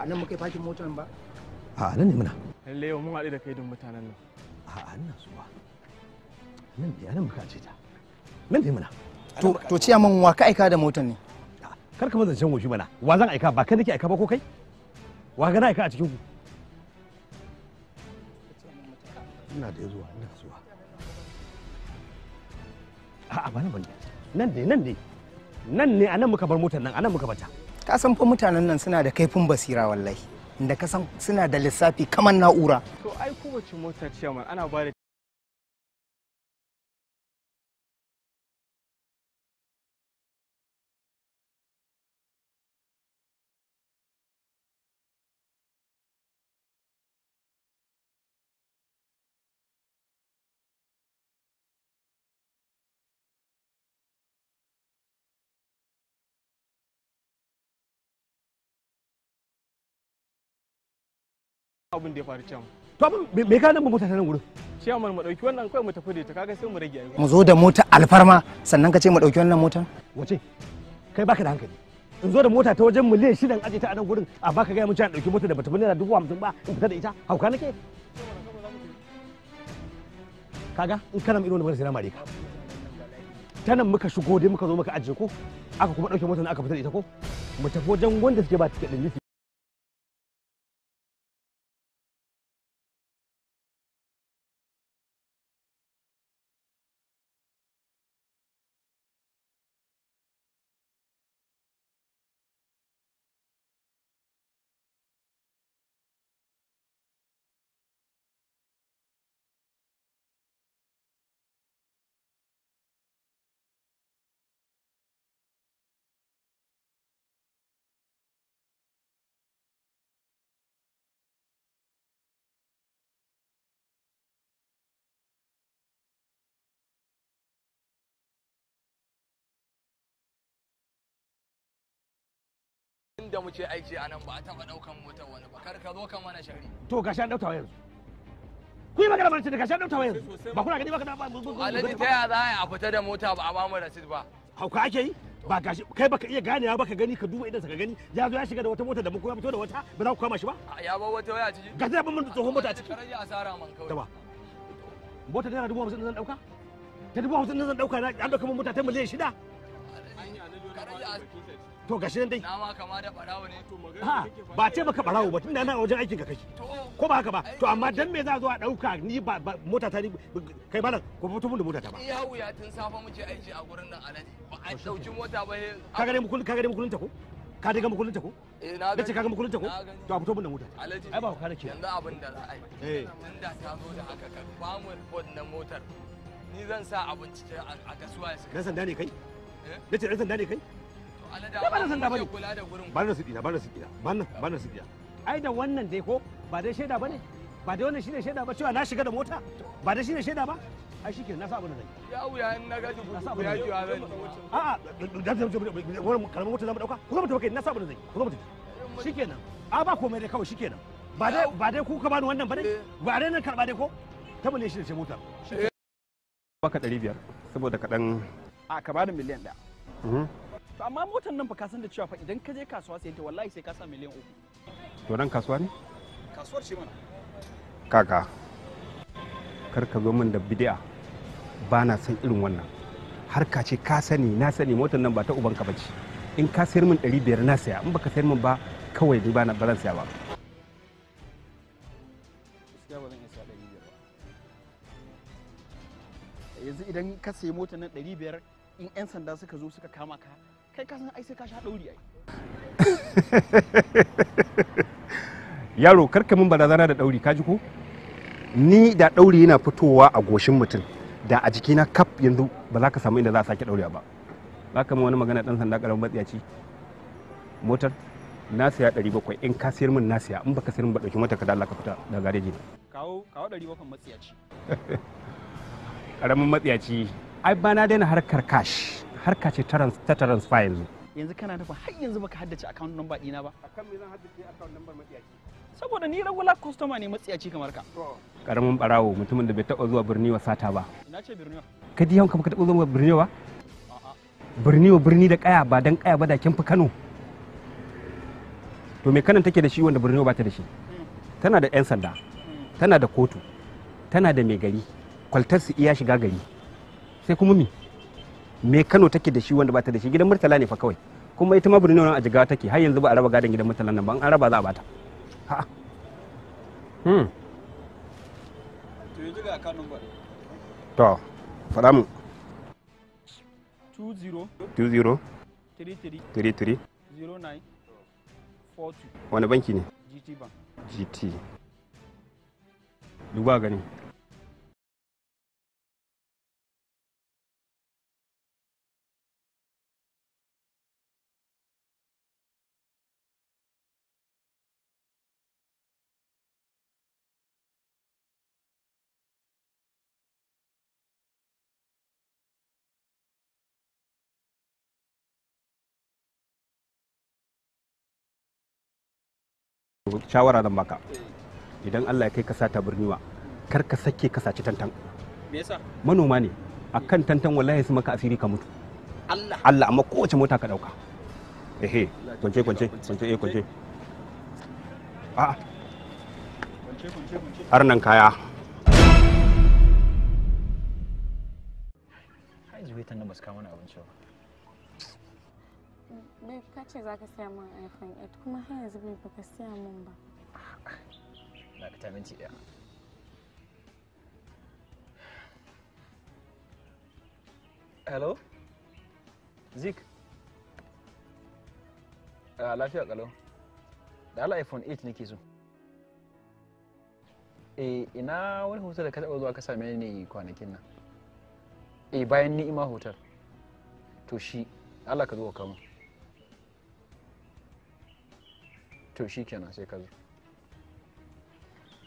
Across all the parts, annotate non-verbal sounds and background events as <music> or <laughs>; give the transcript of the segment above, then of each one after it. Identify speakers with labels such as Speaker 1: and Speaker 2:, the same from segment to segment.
Speaker 1: ba nan muka fakin motar ba a nan ne muna lalle yau mun haɗu da kai don mutanen nan a nan su ba
Speaker 2: nan ne nan muka ce ta nan ne muna to to ciya man wa
Speaker 1: ka aika da motar ne kar ka mazan can goshi mana wa zan aika ba kai nake aika ba ko kai wa ga na aika a cikin ku ina da zuwa ina zuwa a'a ba nan ba nan ne nan ne nan ne a nan muka bar motar nan a nan muka bata ka san fa mutanen nan suna da kaifin basira wallahi
Speaker 3: inda ka san suna da lissafi kamar na'ura to ai kowace mota ce ana ba da abin da ya faru can to abin me ka nan mota ta nan gurin ciyaman mu dauki
Speaker 1: wannan kai mu tafi da ita kaga sai mu rage aiki mu zo da mota alfarma sannan ka ce mu dauki wannan motan wace kai baka da hankali in zo da mota ta wajen miliyan shida in aje ta a nan gurin a baka ga mu ci an dauki mota da bata na dubu hamsin ba in fita da ita hauka nake kaga in kana irin wannan sai na mare ka ta nan muka shigo dai muka zo muka ajiye ko
Speaker 3: aka kuma dauke motar aka fita da ita ko mu tafi wajen wanda suke ba tiket din da muke aiki a nan ba a taɓa ɗaukan motar wani ba kar ka zo ka mana shari.
Speaker 1: To ga shan ɗaukawa yanzu. Ku yi magana mana da ga shan ɗaukawa yanzu. Ba kuna gani ba kana ba. Alhaji ta yaya za a fita da mota ba a ba mu rasid ba. Hauka ake yi? ba gashi kai baka iya gane ya baka gani ka duba idan ka gani ya zo ya shiga da wata mota da muku ya fito da wata ba za ku kama shi ba ya ba wata waya ciki gashi da mun tsohon mota ciki karaji asara man kawai ba mota da dubu hamsin zan dauka ta dubu hamsin zan dauka na an dauka mun mota ta miliyan shida
Speaker 3: to gashi nan dai nama
Speaker 1: kama da barawo ne to magana ba ce baka barawo ba tunda na wajen aikin ka kai ko ba haka ba to amma dan me za zo a dauka ni ba mota ta ni kai malam ko fito mun da mota ta ba iya wuya tun safa muke aiki a gurin nan alaji ba a dauki mota ba ka gare mu kullun ka gare mu kullun ta ko ka daga mu mukullin ta ko eh, na ce ka ga mu mukullin ta ko to a fito mun da mota ai ba ka da ke yanzu abin da za a yi eh. tunda ta zo da haka ka ba mu report na motar ni zan sa abin cikin a kasuwa ya saka dan sanda ne kai eh nace dan sanda ne kai da ba na san sanda bane ba na sidina ba na sidina ba na ba na sidina ai da wannan dai ko ba dai shaida bane ba dai wannan shine shaida ba cewa na shiga da mota ba dai shine shaida ba ai shike na sa abin da zai ya wuya in na gaji ku ya ji abin a a da da wannan karamin mota na dauka ku zama tawakai na sa abin da zai ku zama tawakai shikenan a ba komai dai kawai shikenan ba dai ba dai ku ka bani wannan ba dai eh. ba dai nan karba dai ko ta bane shi da mota. motar eh. baka 500 saboda kadan a ka bani miliyan 1
Speaker 4: to amma motar nan fa ka san da cewa fa idan ka je kasuwa sai ta wallahi sai ka sa miliyan uku
Speaker 1: to nan kasuwa ne kasuwar ce mana kaka kar ka zo min da bid'a ba na san irin wannan harka ce ka sani na sani motar nan ba ta ubanka ce in ka sayar min 500 na saya in baka sayar min ba kawai ni ba na ba saya ba
Speaker 4: yanzu idan ka sayi motar nan 500 in 'yan sanda suka zo suka kama ka
Speaker 5: kai ka san ai sai ka sha dauri ai
Speaker 1: <laughs> yaro karka min barazana da dauri ka ji ko ni da dauri yana fitowa a goshin mutum da a jikina kaf yanzu ba za ka samu inda za a sake daurewa ba za ka min wani magana dan sanda karamin matsiyaci motar na siya 700 in ka siyar min na siya in baka siyar min ba dauki mota ka da Allah ka fita daga gareji kawo kawo 700 matsiyaci karamin <laughs> matsiyaci ai ba na daina harkar cash harka ce ta transfer yanzu
Speaker 4: yanzu kana nufin har yanzu baka haddace account number ɗina ba akan me zan haddace account number matsiyaci saboda ni regular customer ne matsiyaci kamar ka
Speaker 1: karamin barawo mutumin da bai taba zuwa birni wa sata ba ina ce birni ka ji yawan ka taba zuwa birni wa birni wa birni da kaya ba dan kaya ba da kin fi Kano to me kanan take da shi wanda birni ba ta da shi hmm. tana da yan sanda hmm. tana da kotu tana da mai gari kwaltar su iya shiga gari sai kuma me me Kano take da shi wanda ba ta da shi gidan Murtala ne fa kawai kuma ita ma Borno nan a jiga take har yanzu ba a raba gadon gidan Murtala nan ba an raba za a bata ha hmm
Speaker 4: to yanzu ga Kano ba
Speaker 1: to fara mu 20 20 33
Speaker 4: 33 09 40 wani banki ne
Speaker 5: GT bank
Speaker 3: GT duba gani shawara zan baka idan Allah ya kai ka sata birniwa kar ka sake ka saci tantan
Speaker 1: manoma ne akan tantan wallahi su maka asiri ka mutu Allah amma kowace mota ka dauka ehe kwance kwance kwance eh kwance a har nan kaya
Speaker 6: kai
Speaker 4: zuwa tannan basu kawo mana abinci ba
Speaker 6: Babe ka ce za ka siya min iPhone 8 kuma har yanzu bai baka siya min ba.
Speaker 4: Na ka minti ɗaya. Hello? Zik? A ah, lafiya kalau. Da ala iPhone 8 nake so. Eh ina wani hotel da ka taba zuwa ka same ni kwanakin nan. Eh bayan ni'ima hotel. To shi ala ka zo ka to shi kenan sai ka zo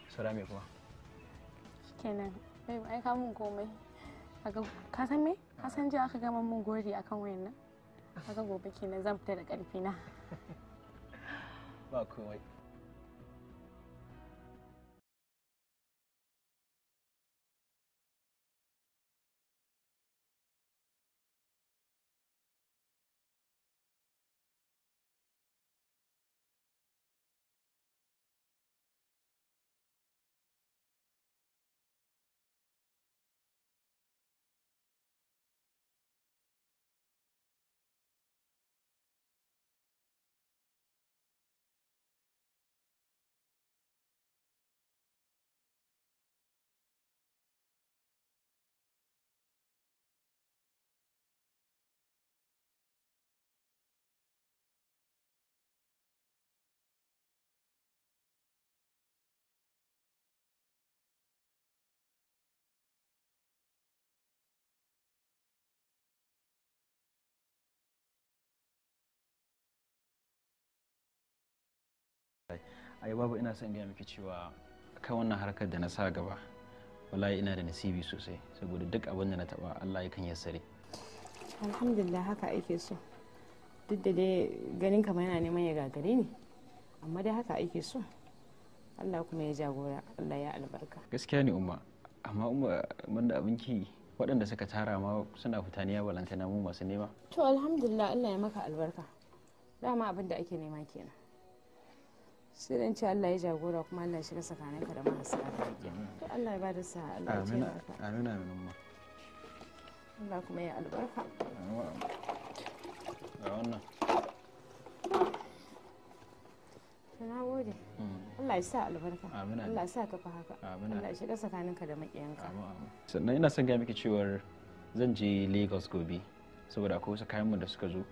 Speaker 4: sara kuma
Speaker 6: shi kenan ai ka mun komai ka san me ka san ji aka gama mun gori akan nan? aka
Speaker 3: gobe kenan zan fita da karfi na <laughs> ba komai ai babu ina son gaya miki cewa kan wannan harkar da na sa gaba wallahi ina da nasibi sosai
Speaker 4: saboda duk abin da na taba Allah ya kan yassare
Speaker 6: alhamdulillah haka ake so duk da dai ganin kamar yana neman ya gagare ni amma dai haka ake so Allah kuma ya jagora Allah ya albarka
Speaker 4: gaskiya ne umma amma umma mun da ki waɗanda suka tara ma suna fita ne balanta mu masu nema
Speaker 6: to alhamdulillah Allah ya maka albarka dama abin da ake nema kenan sai dan Allah ya jagora kuma Allah ya shiga tsakaninka ka da mahasa da Allah ya bada sa Allah ya taimaka
Speaker 5: amin amin amma.
Speaker 6: Allah kuma ya albarka
Speaker 5: ga wannan
Speaker 6: na gode mm. Allah ya sa albarka Allah ya sa ka fa haka Allah ya shiga tsakaninka ka da makiyanka
Speaker 4: sannan ina son ga miki cewar zan je Lagos gobe saboda akwai wasu kayan mu da suka zo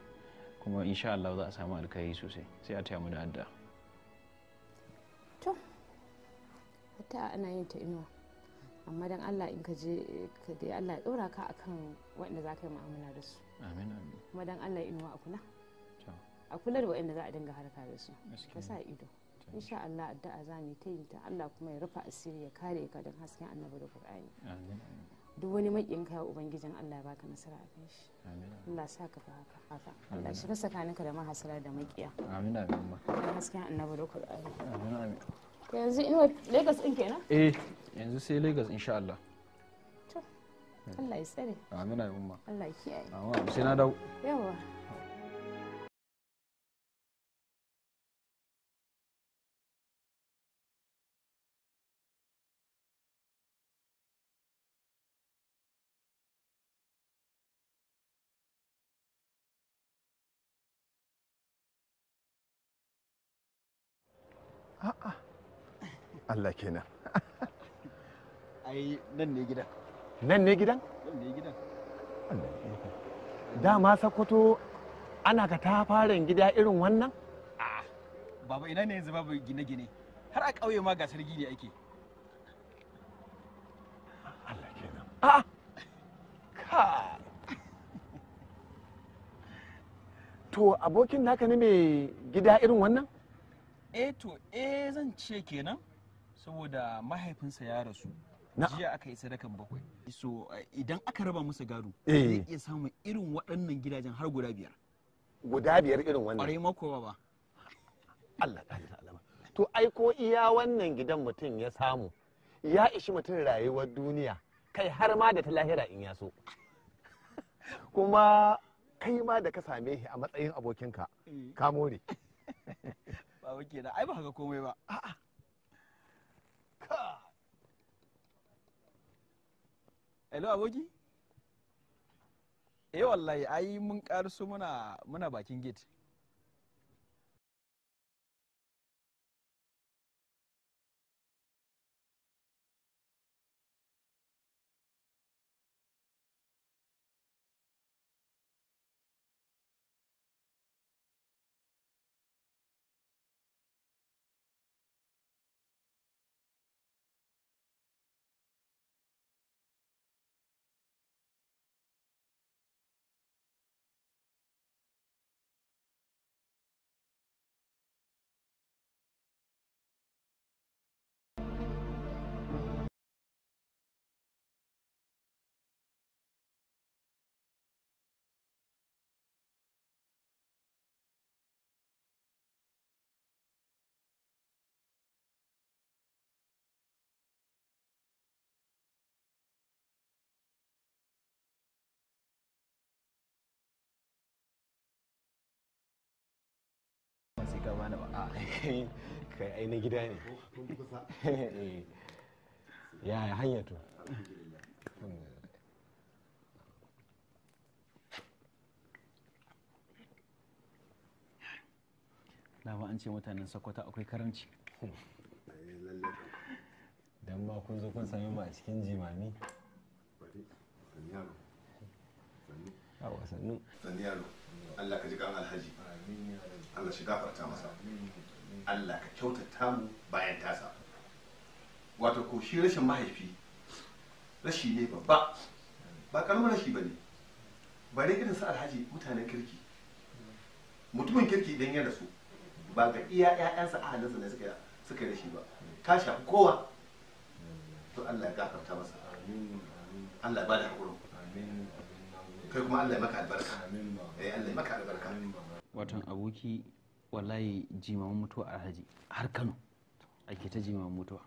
Speaker 4: kuma insha Allah za a samu alkhairi sosai sai a taya mu da addu'a
Speaker 6: ta ana yin ta inuwa amma dan Allah in ka je ka dai Allah ya dora ka akan waɗanda za ka yi mu'amala da su amin amin kuma dan Allah inuwa a kula a kula da waɗanda za a dinga harka da su ka sa ido insha Allah addu'a za mu ta yin ta Allah kuma ya rufa asiri ya kare ka don hasken annabi da Qur'ani amin duk wani makin kaya ubangijin Allah ya baka nasara a kan shi Allah sa ka fa haka haka Allah shi ka sakaninka da mahasara da makiya amin amin hasken annabi da Qur'ani amin amin yanzu inuwa kenan
Speaker 4: eh yanzu sai lagos insha Allah
Speaker 3: Allah ya tsare amina ya amma sai na a'a Allah kenan <laughs> ai nan ne gidan
Speaker 2: nan ne gidan nan ne gidan dama sakwato ana ka ta farin gida irin wannan
Speaker 4: baba ina ne yanzu babu gine-gine har a ƙauye ma ga gasar ne ake
Speaker 2: Allah kenan a'a ka to abokin naka ne mai gida irin wannan eh to eh zan
Speaker 4: ce kenan saboda mahaifinsa ya rasu jiya aka yi sadakan bakwai so eh, idan aka raba musu gado eh. zai iya samun irin waɗannan gidajen har guda biyar
Speaker 2: guda biyar irin wannan ƙwarai mako ba Allah ƙari alama to ai ko iya wannan gidan mutum ya samu ya ishi mutum rayuwar duniya kai har ma da ta lahira in ya so <laughs> kuma kai ma da ka same shi a matsayin abokinka eh. ka more
Speaker 4: <laughs> ba wake ai ba haka komai ba a'a hello aboki eh wallahi ai mun karsu muna muna
Speaker 3: bakin gate sai ka ba a ah, <laughs> kai ai na gida ne
Speaker 5: <laughs> ya ya hanya
Speaker 4: dama an ce mutanen sokoto akwai karanci
Speaker 5: Dan ma kun zo kun sami mu a cikin jimami
Speaker 2: a wasannin saniyaro Allah ka ji kan alhaji Allah shi gafarta masa Allah ka kyautata mu bayan tasa wato ko shi rashin mahaifi rashi ne babba ba karamin rashi ba ne ba dai irin su alhaji mutanen kirki mutumin kirki idan ya rasu ba ga iya ƴaƴansa ahalinsa ne suka suka rashi ba ta shafi kowa to Allah ya gafarta masa Allah ya bada hakurin kai kuma Allah maka albarka eh,
Speaker 4: watan aboki wallahi jimamin mutuwa a haji har Kano ake ta jimamin mutuwa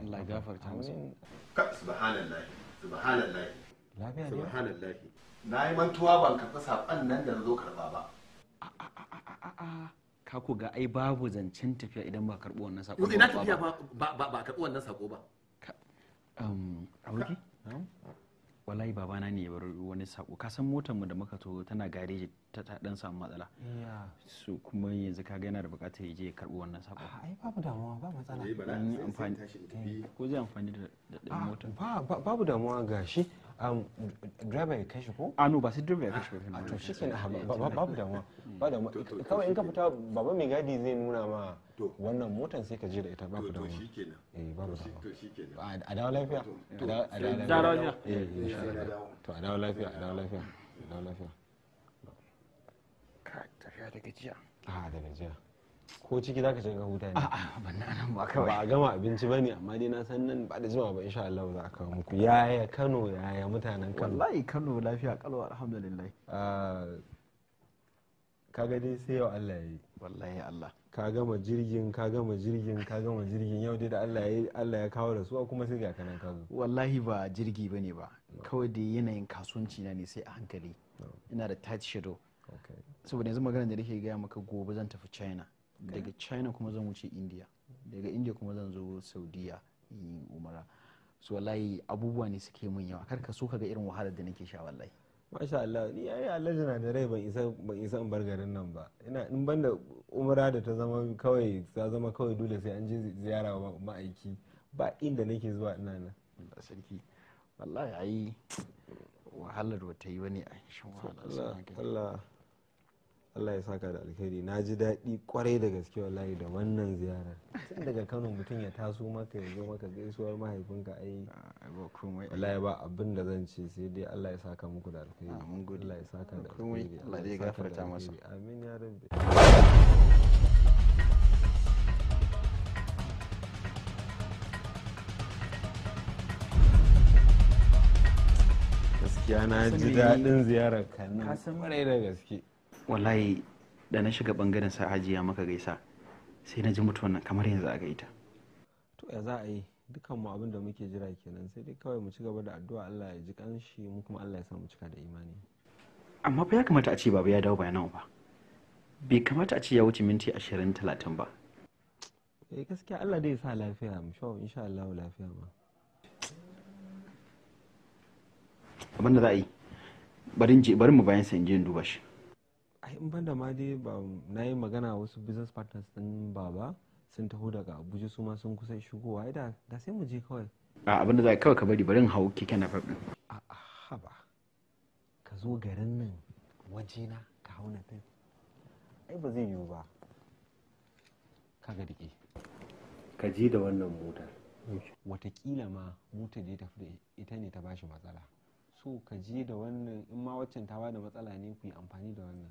Speaker 4: Allah ya gafarta musu
Speaker 2: ka subhanallahi subhanallahi lafiya ne subhanallahi na yi mantuwa ban karɓi nan da na zo karɓa ba
Speaker 4: ka ku ga ai babu zancen tafiya idan ba karɓi wannan saƙo ba ina tafiya
Speaker 2: ba ba karɓi wannan saƙo ba
Speaker 4: aboki wallahi babana ne ya bar wani sako ka san motar mu da muka to tana gareji ta ta dan samu matsala su kuma yanzu ka ga yana da bukatar ya je ya karbi wannan sako
Speaker 5: ai babu damuwa ba matsala eh, an amfani ko zai amfani da da motar ba babu damuwa gashi um driver ya kai shi ko a ah, no ba sai driver ya kai shi ba to shikenan <laughs> babu damuwa ba damuwa kawai in ka fita baba mai gadi zai nuna ma wannan motan sai ka je da ita ba ku da wani eh ba ku da a dawo lafiya a dawo lafiya eh, eh, eh, to a dawo lafiya a dawo lafiya a dawo lafiya ka tafiya da gajiya a da gajiya ko ciki zaka shiga huta ne a'a ban nan ba kawai ba a gama abinci bane amma dai na san nan ba da jima ba insha Allah za a kawo muku yaya Kano yaya mutanen Kano wallahi
Speaker 4: Kano lafiya kalwa alhamdulillah
Speaker 5: ah, ga dai sai yau Allah ya yi wallahi Allah ka gama jirgin ka gama jirgin ka gama jirgin yau dai da Allah ya kawo da su kuma sai ga kanan ka wallahi
Speaker 4: ba jirgi bane ba kawai da yanayin kasuwanci na ne sai a hankali ina da tight shadow saboda yanzu magana da nake gaya maka gobe zan tafi China daga China kuma zan wuce India daga India kuma zan zo Saudiya umara so wallahi abubuwa ne suke mun yawa kar ka so ka ga irin wahalar da nake sha wallahi
Speaker 5: masha Allah ni ai alhaji na da rai ban isa ban isa in bar garin nan ba ina in banda umra da ta zama kawai ta zama kawai dole sai an je ziyara wa ma'aiki ba inda nake zuwa ina nan sarki wallahi ai wahalar wata yi wani a shan wahala Allah Allah ya saka da alkhairi na ji daɗi kwarai da gaske wallahi da wannan ziyarar tun daga Kano mutum ya taso maka ya zo maka gaisuwar mahaifinka ai ah, wallahi ba abin da zan ce sai dai Allah ya saka muku da alkhairi ah, Allah ya saka da alkhairi Allah ya gafarta masa amin ya rabbi gaskiya na ji daɗin ziyarar kan nan kwarai da gaske
Speaker 4: wallahi da na shiga bangaren sa hajiya maka gaisa sai na ji mutuwan nan kamar yanzu aka yi ta
Speaker 5: to ya za a yi dukkan mu abin da muke jira kenan sai dai kawai mu ci gaba da addu'a Allah ya ji kanshi mu kuma Allah ya sa mu cika da imani
Speaker 4: amma fa ya kamata a ce baba ya dawo bayanan ba bai kamata a ce ya wuce minti ashirin talatin ba
Speaker 5: eh gaskiya Allah dai ya sa lafiya mu shawo insha Allah lafiya ma
Speaker 4: abin da za a yi bari mu bayan sa in je in duba shi
Speaker 5: in ban da ma dai ba na yi magana wasu business partners din baba sun taho daga abuja su ma sun kusa shigowa da da sai mu je kawai
Speaker 4: a abin da za kawai ka bari bari hau keke na faɗin a
Speaker 5: haba ka zo garin nan waje na ka hau na fim ai ba zai yiwu ba ka ga dike ka je da wannan motar watakila ma motar da ya tafi da ita ne ta bashi matsala so ka je da wannan in ma waccan ta bada matsala ne ku yi amfani da wannan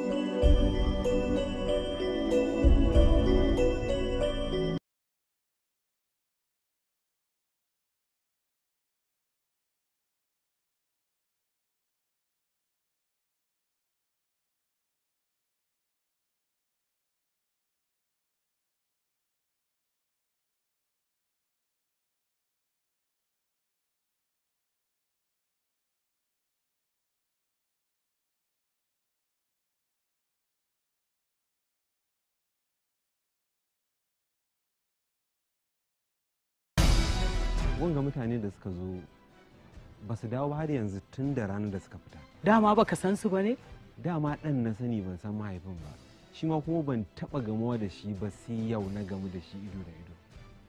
Speaker 5: ga mutane da suka zo ba su dawo har yanzu tun da ranar da suka fita dama baka san su ba ne dama ɗan na sani ban san mahaifin ba shi ma kuma ban taɓa gamuwa da shi ba sai yau na gamu da shi ido da ido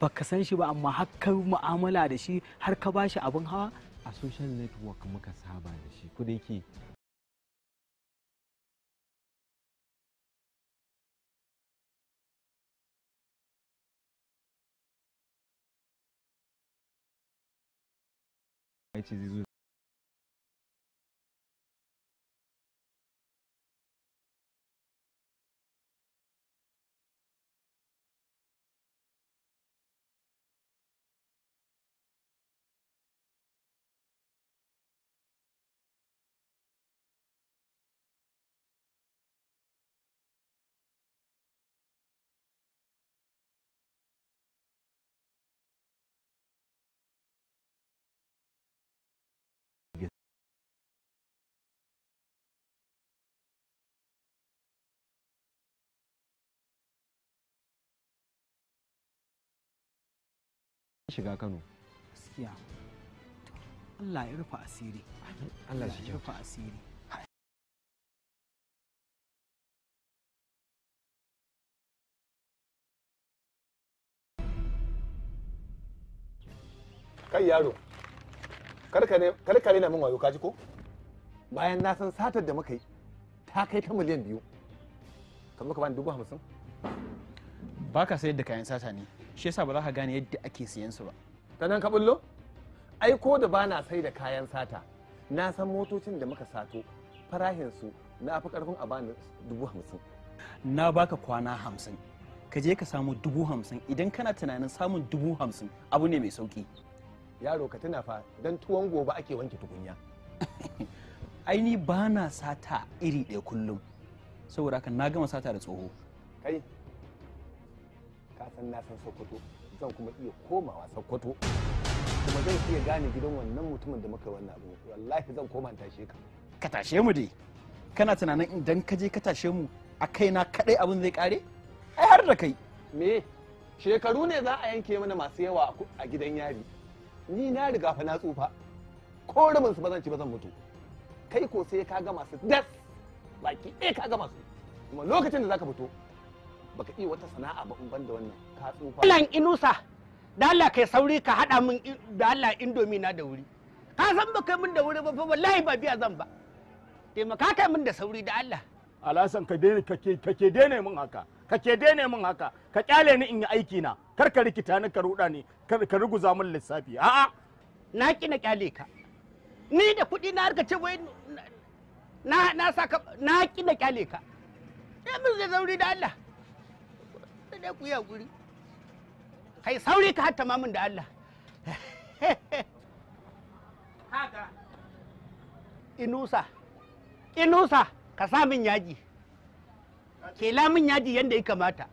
Speaker 5: baka san shi ba amma har ka mu'amala
Speaker 3: da shi har ka ba shi abin hawa a social network muka saba da shi ko da White shiga Kano. Gaskiya. Allah ya rufa asiri. Allah ya rufa asiri.
Speaker 2: Kai yaro, karka na min wayo kaji ko? Bayan na san satar da muka yi, ta kai ta miliyan biyu. Kamar ka bani dubu hamsin?
Speaker 4: Ba ka sayar da kayan sata ne. shi yasa ba za ka gane yadda ake siyan su ba
Speaker 2: ta nan ka bullo ai ko da bana na sai da kayan sata na san motocin da muka sato farahin su na fi karfin a bani dubu hamsin
Speaker 4: na baka kwana hamsin ka je ka samu dubu hamsin idan kana tunanin samun dubu hamsin abu ne mai sauki
Speaker 2: yaro ka tuna fa don tuwon gobe ake wanke tukunya <laughs>
Speaker 4: aini ba na sata iri ɗaya kullum saboda haka na gama sata da tsoho
Speaker 2: kai kasan na san sokoto zan kuma iya komawa sokoto kuma zan iya gane gidan wannan mutumin da muka wannan abu wallahi zan koma tashe ka
Speaker 7: ka tashe
Speaker 4: mu dai kana tunanin idan ka je ka tashe mu a kaina kadai abin zai kare
Speaker 2: ai har da kai me shekaru ne za a yanke mana masu yawa a gidan yari ni na riga fa na tsufa ko rabin su ba zan ci ba zan mutu kai ko sai ka ga masu das baki eh ka ga masu kuma lokacin da zaka fito baka iya wata sana'a ba in ban da wannan ka tsufa Allah
Speaker 7: inusa da Allah kai sauri ka hada min da Allah indomi na da wuri ka san ba kai min da wuri ba fa wallahi ba biya zan ba taimaka kai min da sauri da Allah
Speaker 1: alasan ka daina kake kake daina min haka kake daina min haka ka kyale ni in yi aiki na kar ka rikita ni ka ruda ni ka ruguza min lissafi a'a na ki na kyale ka ni da kuɗi na harka ce wai
Speaker 7: na na saka na ki na kyale ka sai min zai sauri da Allah ku yi kai sauri ka hatta mamun da Allah haka <laughs> inusa inusa ka sa min yaji ke lamun yaji yadda ya kamata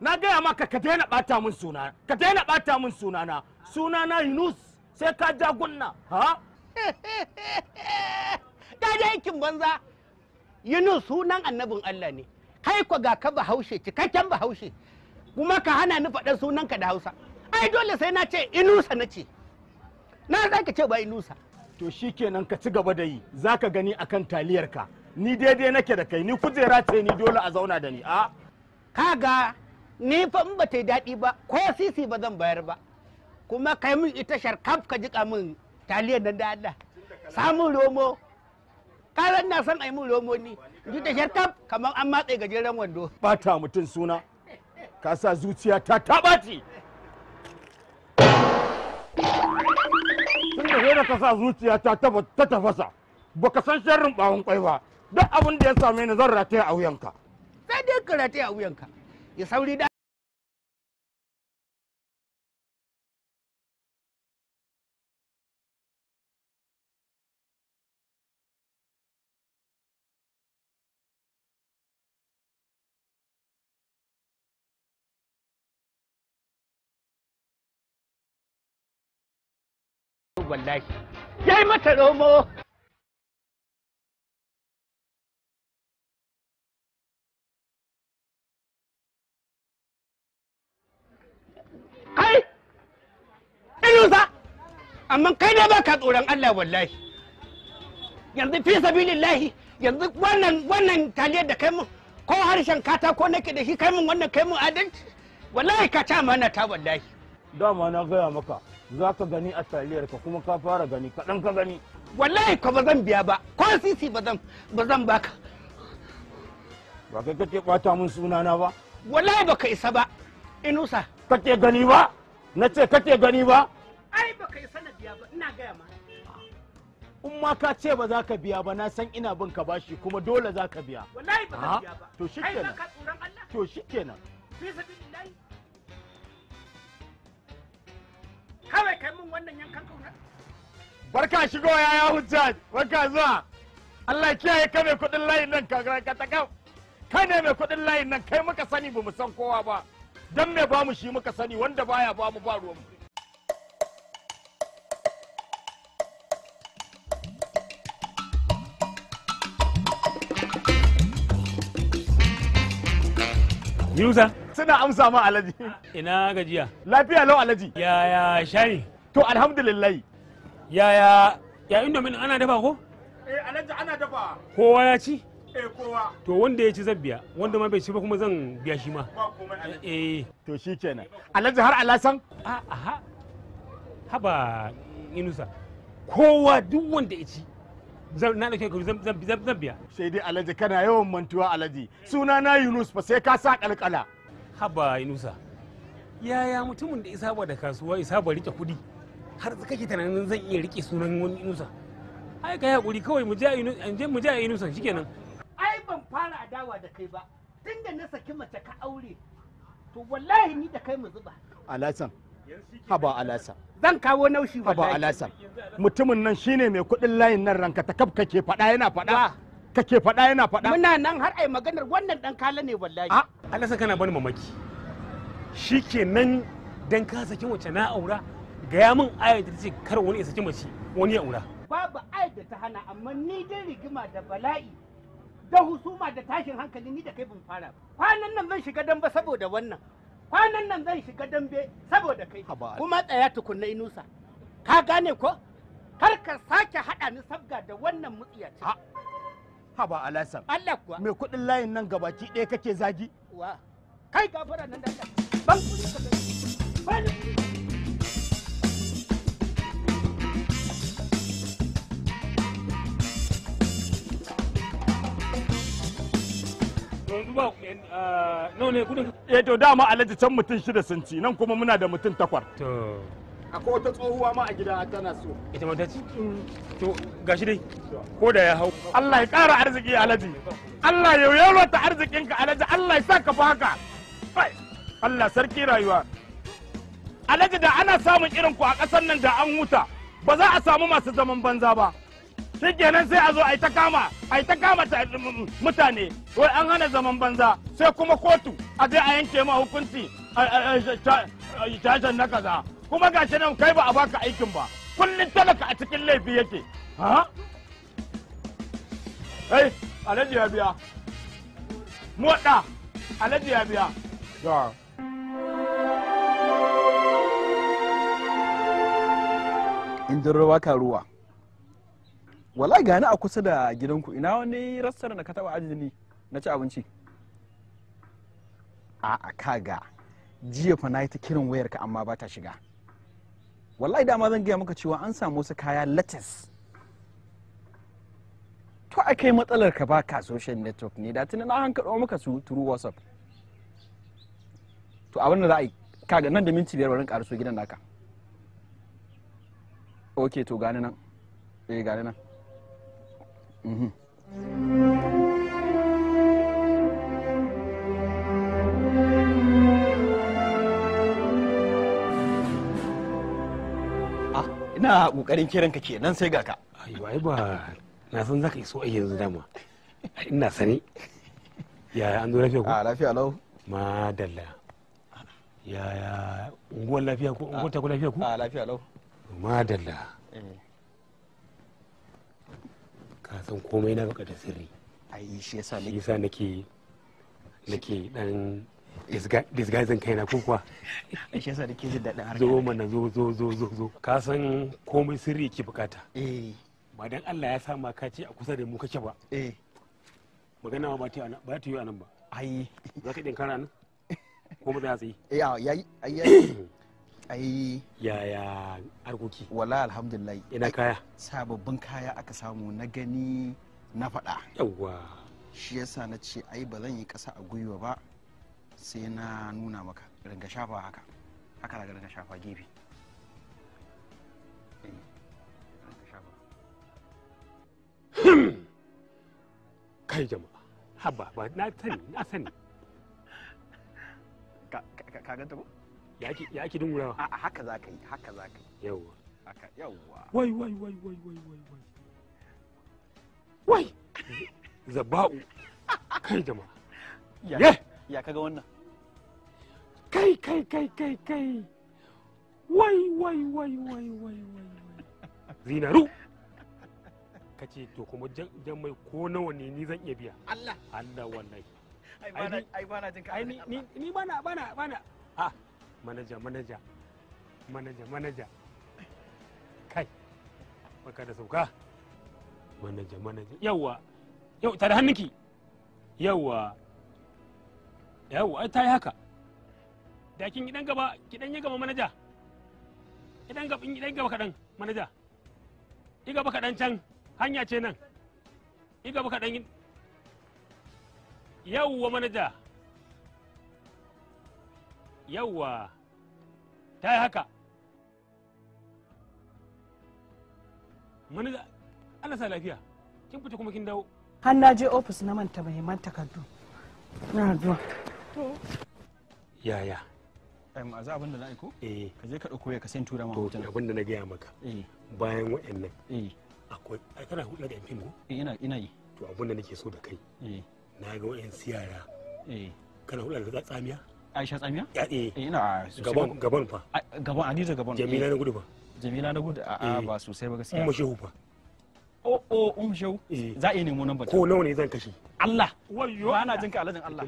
Speaker 1: na gaya maka ka daina bata min suna ka daina bata min sunana sunana inus sai ka ja gunna ha da
Speaker 7: <laughs> aikin banza yunus sunan annabin allah ne kai ko ga ka bahaushe cikakken bahaushe kuma ka hana ni faɗar sunanka da hausa ai dole sai na ce inusa na
Speaker 1: ce na za ka ce ba inusa to shikenan ka ci gaba da yi za ka gani akan taliyarka ni daidai nake da kai ni kujera ce ni dole a zauna da ni a
Speaker 7: kaga ni fa in ba ta yi daɗi ba ko sisi ba zan bayar ba kuma kai min ita sharkaf ka jika min taliyar nan da Allah samun romo karan na san ai min romo ni duk da sharkaf kamar an matse gajeren wando bata mutum suna
Speaker 1: ka sa zuciya ta ta ɓaci Tun da ka sa zuciya ta ta tafasa ka san sharrin
Speaker 3: bawon kwai ba duk abin da ya same ni zan rataya a wuyanka sai dai ka rataya a wuyanka ya sauri da wallahi yayi mata romo kai
Speaker 7: inusa amma kai da baka tsoron Allah wallahi yanzu fi sabilillahi yanzu wannan wannan taliyar da kai mun ko harshen katako nake da shi kai mun wannan kai mun adalci wallahi ka ta mana
Speaker 1: ta wallahi dama na gaya maka za ka gani a taliyar ka kuma ka fara gani kaɗan ka gani wallahi ka ba zan biya ba ko sisi ba zan ba zan baka ba kai kake bata mun sunana ba wallahi baka isa ba inusa kake gani ba na ce kake gani ba
Speaker 7: ai ka isa na biya ba ina gaya ma
Speaker 1: in ma ka ce ba za ka biya ba na san ina bin ka bashi kuma dole za ka biya wallahi ba ka biya ba to shikenan to shikenan
Speaker 7: fi sabilillahi kawai kai mun wannan yankan kauna
Speaker 1: barka shigo ya ya hujja barka zuwa Allah kiyaye ka mai kudin layin nan ka kai ne mai kudin layin nan kai muka sani bamu san kowa ba dan me bamu shi muka sani wanda baya bamu ba ruwan mu User. suna amsa ma alaji ina gajiya lafiya lau alaji ya ya shari to alhamdulillah ya ya ya min ana dafa ko eh alaji ana dafa kowa ya ci eh kowa to wanda ya ci zan biya wanda ma bai ci ba kuma zan biya shi ma ba komai alaji eh to shikenan alaji har san a ha. haba inusa kowa duk wanda ya ci na da kai zan biya. Sai dai Alhaji kana yawan mantuwa Alhaji. Suna na Yunus fa sai ka sa kalkala. haba inusa yaya mutumin da isa ba da kasuwa isa ba rike kudi har kake tunanin zan iya rike sunan wani inusa ai kai hakuri kawai mu ja inusa mu ja shikenan
Speaker 7: ai ban fara adawa da kai ba tunda na saki mace ka aure to wallahi ni da kai mu zuba
Speaker 1: alasan haba alasan zan kawo naushi haba alasan mutumin nan shine mai kudin layin nan ranka ta kafka ke fada yana fada kake fada yana fada muna
Speaker 7: nan har ai maganar wannan dan kala ne wallahi
Speaker 1: alasa kana bani mamaki shi nan dan ka saki wacce na aura gaya min ayar da ta ce kar wani ya saki mace wani ya aura
Speaker 7: babu ayar da ta hana amma ni dai rigima da bala'i da husuma da tashin hankali ni da kai ban fara kwanan nan zan shiga dambe saboda wannan kwanan nan zan shiga dambe saboda kai kuma tsaya tukunna inusa ka gane ko kar ka sake haɗa ni sabga da wannan mutsiya Ha!
Speaker 1: haba alasan Allah kuwa me kudin layin nan gabaki ɗaya kake zagi
Speaker 7: kuwa kai gafara nan da ban ban yanzu ba
Speaker 1: eh, nawa ne kudin eh to dama alhaji can mutum shida sun ci nan kuma muna da mutum takwar akwai wata tsohuwa ma a gida tana so ita to gashi dai ko da ya hau Allah ya ƙara arziki alaji Allah ya arzikin arzikinka alaji Allah ya saka fa haka Allah sarki rayuwa alaji da ana samun irin ku a ƙasar nan da an huta ba za a samu masu zaman banza ba shi kenan sai a zo a ta kama a ta kama mutane wai an hana zaman banza sai kuma kotu a je a yanke ma hukunci tashin na kaza kuma gashi nan kai ba a baka aikin ba kullum talaka a cikin laifi yake ha hey alhaji ya biya moda alhaji ya biya
Speaker 5: ga
Speaker 4: ruwa ka ruwa wala gani a kusa da gidanku ina wani rassar da ka taba ajini na ci abinci a a kaga jiya fa na yi ta kiran wayarka amma ba ta shiga wallahi dama zan gaya maka cewa an samu wasu kaya latas to a kai matsalar ka baka social network ne da tunan na hankali maka su turu whatsapp to abin da za a yi kaga nan da minti biyar wurin karaso gidan naka ok to gani nan eh gani nan mm -hmm.
Speaker 1: ina kokarin kiran ka kenan sai ga ka ai ba na san zaka iso a yanzu dama ina sani yaya an zo lafiya ko a lafiya lau madalla yaya unguwar lafiya ko unguwar ta ku lafiya ko a lafiya lau madalla ka san komai na baka da sirri ai shi yasa nake nake dan disguising kaina kuwa a shi yasa da ke jin daɗin harka zo mana zo zo zo zo zo ka san komai sirri ke bukata eh ba dan Allah ya sa ma ka ce a kusa da mu kake ba eh magana ba ta ba ta yi anan ba ai za ka kana nan ko ba za su <laughs> eh, yi eh yayi ya <coughs> ai yaya
Speaker 4: harkoki wala alhamdulillah ina kaya sababbin kaya aka samu na gani na faɗa yawwa shi yasa na ce ai ba zan yi ƙasa a gwiwa ba sai na nuna maka ringa shafa haka haka daga ringa shafa gefe
Speaker 5: eh,
Speaker 1: hmm. kai jama'a haba ba na sani na sani ka ganta ko ya ki dungurawa haka za ka yi haka za ka yi
Speaker 5: yawwa
Speaker 4: haka yawwa
Speaker 1: wai wai wai wai wai wai wai wai zaba'u <laughs> kai jama'a
Speaker 4: yeah. ya kaga wannan
Speaker 1: kai kai kai kai kai wai wai wai wai wai wai zinaru ka ce to kuma jan mai ko nawa ne ni zan iya biya Allah Allah wallahi ai bana jin ka ni ni bana bana bana ha ah, manaja manaja manaja manaja kai baka da sauka manaja manaja yawa yau tare hannunki yawa yawo ai ta yi haka da kin idan gaba kidan yi gaba manaja idan gaba idan gaba kadan manaja yi gaba kadan can hanya ce nan yi gaba kadan wa manaja wa ta yi haka manaja ana sa lafiya kin fita kuma kin dawo
Speaker 7: har na je ofis na manta muhimman takardu na zuwa
Speaker 1: to
Speaker 4: yaya um, a za abin da na aiko eh ka je ka dauko ya ka sai tura ma hoton abin da na
Speaker 1: gaya maka eh bayan wa'annan eh akwai ai kana hudu da fim ko eh ina ina yi to abin da nake so da kai eh na ga wa'an siyara eh kana hudu da tsamiya Aisha tsamiya Ya eh, eh ina ah, gaban gaban fa ah, gaban Adiza gaban Jamila eh. na gudu fa. Jamila na gudu a
Speaker 4: ah, eh. ba sosai ba gaskiya Mu Shehu fa o o eh. za a yi nemo
Speaker 3: nan eh. ko nawa ne zan kashe
Speaker 1: Allah ba na jinka alajin Allah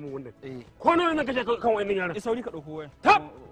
Speaker 1: ko nawa ne zan kashe kan wayannan yaran eh, sauri ka
Speaker 3: dauko wayan